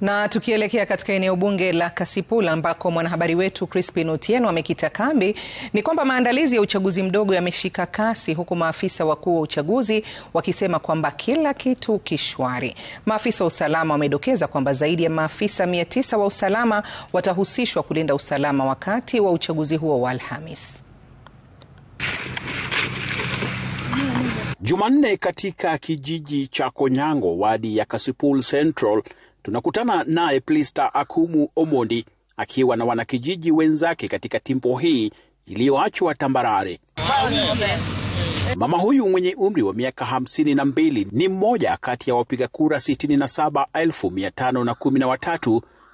Na tukielekea katika eneo bunge la Kasipul ambako mwanahabari wetu Crispin Otieno amekita kambi, ni kwamba maandalizi ya uchaguzi mdogo yameshika kasi, huku maafisa wakuu wa uchaguzi wakisema kwamba kila kitu kishwari. Maafisa wa usalama wamedokeza kwamba zaidi ya maafisa 9 wa usalama watahusishwa kulinda usalama wakati wa uchaguzi huo wa Alhamis. Jumanne katika kijiji cha Konyango, wadi ya Kasipul Central, Tunakutana naye Plista Akumu Omondi akiwa na wanakijiji wenzake katika timbo hii iliyoachwa tambarare. Mama huyu mwenye umri wa miaka hamsini na mbili ni mmoja kati ya wapiga kura sitini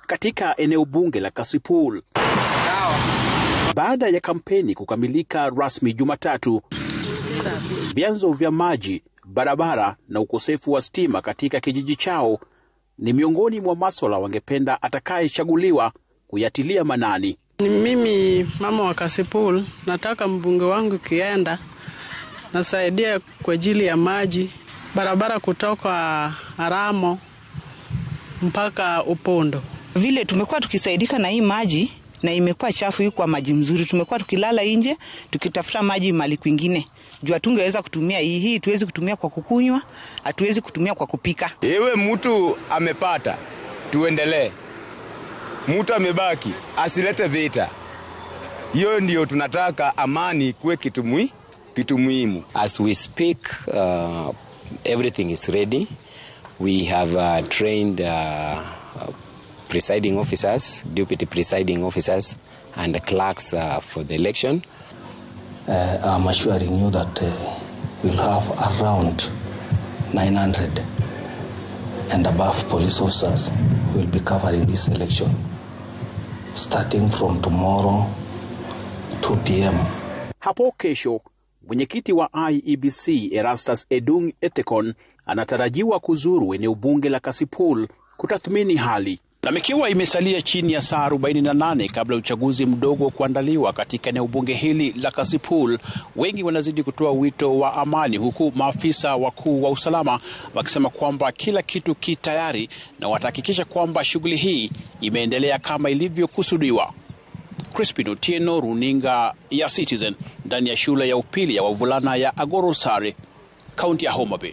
katika eneo bunge la Kasipul. Baada ya kampeni kukamilika rasmi Jumatatu, vyanzo vya maji, barabara na ukosefu wa stima katika kijiji chao ni miongoni mwa maswala wangependa atakayechaguliwa kuyatilia manani. Ni mimi mama wa Kasipul, nataka mbunge wangu kienda nasaidia kwa ajili ya maji, barabara kutoka Aramo mpaka Upondo. Vile tumekuwa tukisaidika na hii maji na imekuwa chafu hii kwa maji mzuri. Tumekuwa tukilala nje tukitafuta maji mali kwingine, jua tungeweza kutumia hii hii. Tuwezi kutumia kwa kukunywa, hatuwezi kutumia kwa kupika. Ewe mtu amepata, tuendelee. Mtu amebaki asilete vita. Hiyo ndio tunataka, amani kuwe kitu mui kitu muhimu. As we speak uh, everything is ready. We have uh, trained uh, presiding officers, deputy presiding officers, and the clerks uh, for the election. Uh, I'm assuring you that uh, we'll have around 900 and above police officers who will be covering this election. Starting from tomorrow, 2 p.m. Hapo kesho mwenyekiti wa IEBC Erastus Edung Ethekon anatarajiwa kuzuru eneo bunge la Kasipul kutathmini hali. Na mikiwa imesalia chini ya saa 48 kabla ya uchaguzi mdogo kuandaliwa katika eneo bunge hili la Kasipul, wengi wanazidi kutoa wito wa amani, huku maafisa wakuu wa usalama wakisema kwamba kila kitu ki tayari na watahakikisha kwamba shughuli hii imeendelea kama ilivyokusudiwa. Crispin Otieno, runinga ya Citizen, ndani ya shule ya upili ya wavulana ya Agorosare, kaunti ya Homa Bay.